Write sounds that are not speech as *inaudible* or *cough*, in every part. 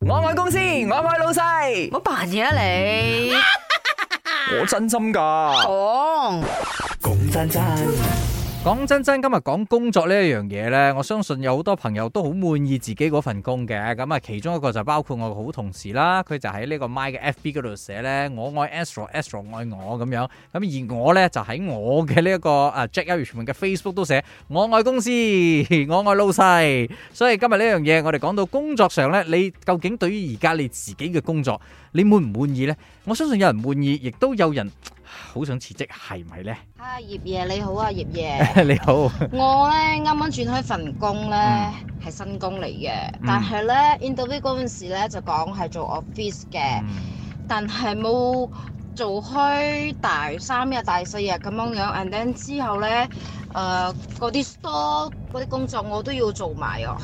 我搵公司，我搵老細，我扮嘢啊你！ *laughs* 我真心㗎，講講真真。講真真，今日講工作呢一樣嘢呢，我相信有好多朋友都好滿意自己嗰份工嘅。咁啊，其中一個就包括我好同事啦，佢就喺呢個 My 嘅 FB 嗰度寫呢，我愛 Astro，Astro 愛我咁樣。咁而我呢就喺我嘅呢一個啊 Jacky 余全民嘅 Facebook 都寫，我愛公司，我愛老細。所以今日呢樣嘢，我哋講到工作上呢，你究竟對於而家你自己嘅工作，你滿唔滿意呢？我相信有人滿意，亦都有人。好想辭職係咪係咧？是是呢啊葉爺你好啊葉爺 *laughs* 你好我呢，我咧啱啱轉開份工咧係、嗯、新工嚟嘅，但係咧 interview 嗰陣時咧就講係做 office 嘅，嗯、但係冇做開大三日大四日咁樣樣，and then 之後咧誒嗰啲 store 嗰啲工作我都要做埋哦。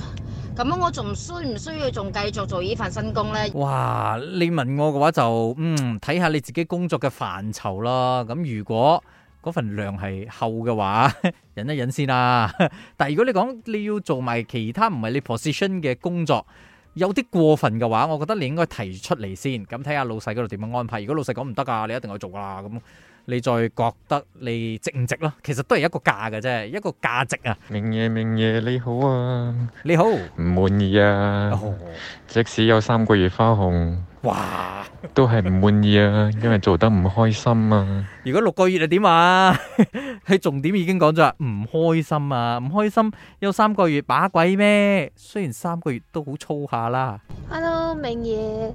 咁我仲需唔需要仲繼續做呢份新工呢？哇！你問我嘅話就，嗯，睇下你自己工作嘅範疇啦。咁如果嗰份糧係厚嘅話，忍一忍先啦，啊。但係如果你講你要做埋其他唔係你 position 嘅工作，有啲過分嘅話，我覺得你應該提出嚟先。咁睇下老細嗰度點樣安排。如果老細講唔得㗎，你一定要做㗎咁。嗯。你再覺得你值唔值咯？其實都係一個價㗎啫，一個價值啊！明爺，明爺你好啊！你好，唔滿意啊！Oh. 即使有三個月花紅，哇， *laughs* 都係唔滿意啊！因為做得唔開心啊！如果六個月啊點啊？喺 *laughs* 重點已經講咗啦，唔開心啊，唔開心有三個月把鬼咩？雖然三個月都好粗下啦。Hello，明爺。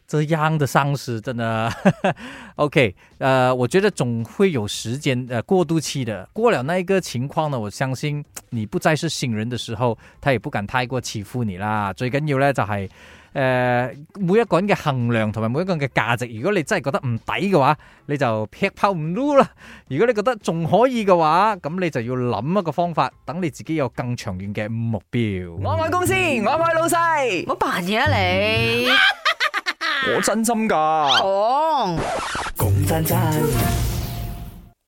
這樣的上司真的 *laughs* OK，誒、呃，我覺得總會有時間誒、呃、過渡期的。過了那一個情況呢，我相信你不再是新人的時候，他也不敢太過欺負你啦。最緊要咧就係、是、誒、呃、每一個人嘅衡量同埋每一個人嘅價值。如果你真係覺得唔抵嘅話，你就劈炮唔撈啦。如果你覺得仲可以嘅話，咁你就要諗一個方法，等你自己有更長遠嘅目標。我開公司，我開老細，我扮嘢你。我真心噶、哦，講講真真。